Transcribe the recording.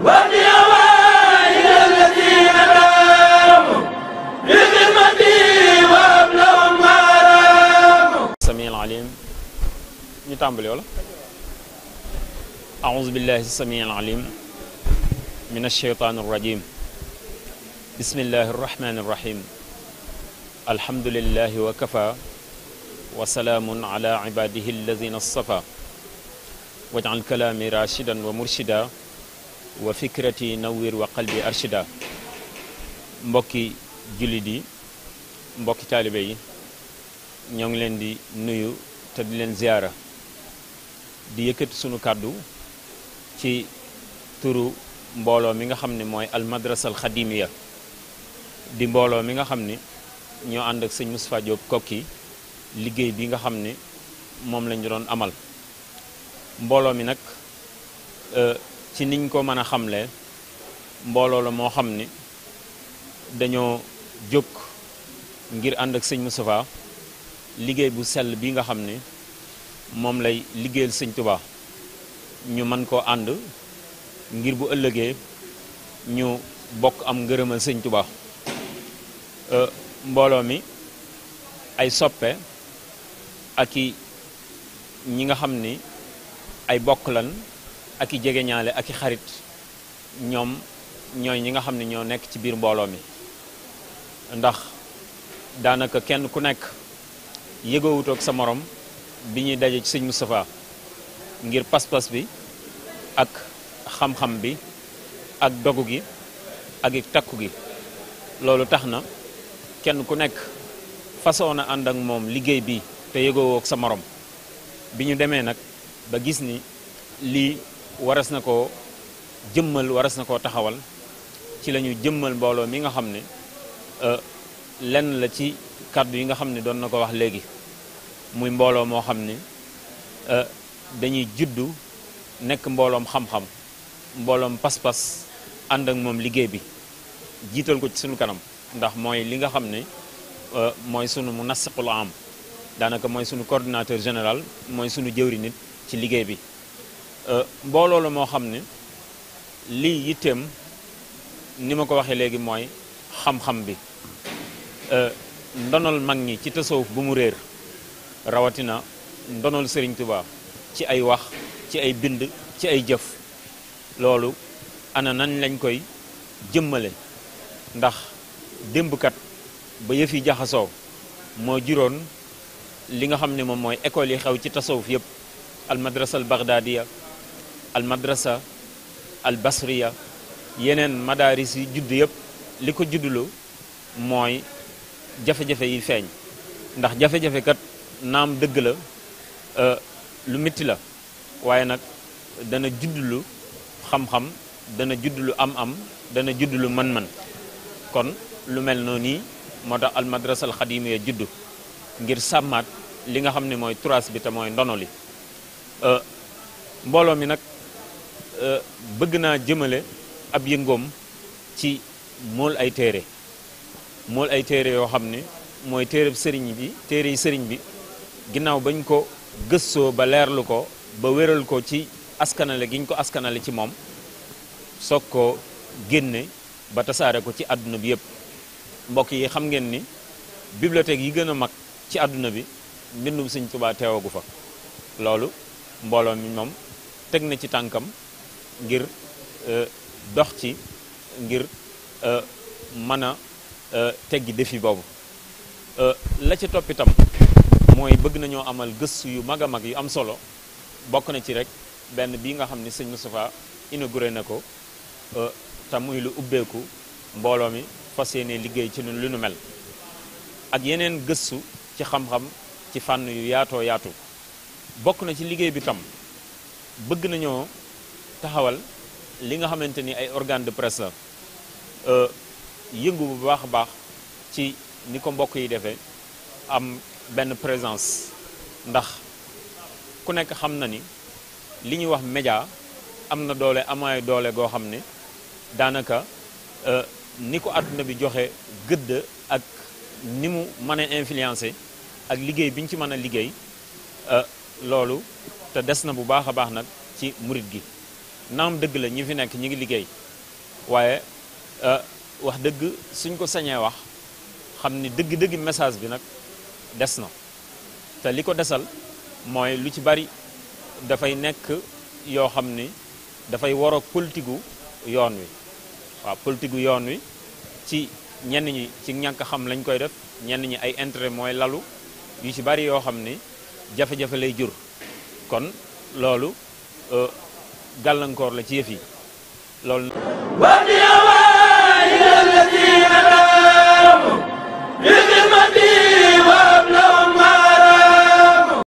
الذين ما السميع العليم أعوذ بالله السميع العليم من الشيطان الرجيم بسم الله الرحمن الرحيم الحمد لله وكفى وسلام على عباده الذين اصطفى واجعل كلامي راشدا ومرشدا wa fikrati nawwir wa qalbi arshida mbokki jullit yi mbokki taalibe yi ñoo ngi leen di nuyu te di leen ziyaara di yëkkati sunu kàddu ci turu mbooloo mi nga xam ni mooy almadrasa alxadimiya di mbooloo mi nga xam ni ñoo ànd ak sëñ Moustapha Diop kokki liggéey bi nga xam ni moom lañu doon amal mbooloo mi nag euh, ci niñ ko mën a xamle mbooloo la moo xam ni dañoo jóg ngir ànd ak sëñ Moustapha liggéey bu sell bi nga xam ni moom lay liggéeyal sëñ Touba ñu mën koo ànd ngir bu ëllëgee ñu bokk am ngërëmal sëñ Touba mbooloo mi ay soppe ak i ñi nga xam ni ay bokk lan ak jaga jegeñaale ak i xarit ñoom ñooy ñi nga xam ne ñoo nekk ci biir mbooloo mi ndax daanaka kenn ku nekk yëgoowutoog sa morom ci Moustapha ngir pas-pas bi ak xam-xam bi ak dogu gi ak i takku gi loolu tax na kenn ku nekk façon na ak moom liggéey bi te yëgoowoog sa morom bi ñu demee ba gis ni waras na koo jëmmal waras na koo taxawal ci la ñu jëmmal mbooloo mi nga xam ne euh, lenn la ci kàddu yi nga xam ne doon na ko wax léegi muy mbooloo moo xam ni euh, dañuy juddu nekk mbooloom xam-xam mbooloom pas-pas ànd ak moom liggéey bi jiital ko ci sunu kanam ndax mooy li nga xam ne euh, mooy sunu mu nasiqul am daanaka mooy sunu coordinateur général mooy sunu jëwri nit ci liggéey bi Euh, mbooloo la moo xam ne lii yitteem ni ma ko waxee léegi mooy xam-xam bi euh, ndonol mag ñi ci tasawuf bu mu réer rawatina ndonol Serigne Touba ci ay wax ci ay bind ci ay jëf loolu ana nan lañ koy jëmmale ndax démbkat ba yëf yi jaxasoo moo juróon li nga xam ne moom mooy école yi xew ci tasawuf yëpp al madrasa al baghdadiya al madrasa al basriya yenen madaris yi judd yëpp liko juddulo moy, jafé jafe-jafe yi feñ ndax jafe-jafe kat nam deug la euh, lu metti la waye nak dana juddulo xam-xam dana juddulo am-am dana judulu man man, kon lu mel noni nii al madrasa al ya judd ngir samat li nga xamne moy trace bi ta moy ndono li euh, mbolo mi nak Euh, bëgg naa jëmale ab yëngoom ci mool ay téere mool ay téere yoo xam ne mooy téereb sëriñ bi téere yi sëriñ bi ginnaaw bañ ko gëstoo ba leerlu ko ba wéral ko ci askanale giñ ko askanale ci moom soog ko génne ba tasaare ko ci àdduna bi yëpp mbokk yi xam ngeen ni bibliothèque yi gën a mag ci àdduna bi mbindu Sëñ Tuubaa teewagu fa loolu mbooloo mi moom teg na ci tànkam ngir euh, dox ci ngir euh, mën a euh, teggi défi boobu la ca toppitam itam mooy bëgg nañoo amal gëstu yu mag a mag yu am solo bokk na ci rek benn bi nga xam ni sëñ Moustapha inauguré na ko te muy lu ubbeeku mbooloo mi fas yéene liggéey ci lu nu mel ak yeneen gëstu ci xam-xam ci fànn yu yaatoo yaatu bokk na ci liggéey bi tam bëgg nañoo taxawal li nga xamante ni ay organe de presse la euh, yëngu bu baax a baax ci ni ko mbokk yi defee am benn présence ndax ku nekk xam na ni li ñuy wax média am na doole amaay doole goo xam ne daanaka euh, ni ko àdduna bi joxe gëdd ak ni mu mën a influencer ak liggéey bi ñu ci mën a liggéey euh, loolu te des na bu baax a baax nag ci murit gi naam dëgg la ñi fi nekk ñi ngi liggéey waaye euh, wax dëgg suñ ko sañee wax xam ni dëgg-dëgg message bi nag des na te li ko desal mooy lu ci bari dafay nekk yoo xam ni dafay war a yoon wi waaw politigu yoon wi ci ñenn ñi ci ñàkk xam lañ koy def ñenn ñi ay intérêt mooy lalu yu ci bari yoo xam ni jafe-jafe lay jur kon loolu euh, gàllankoor la ci yëf yi loolu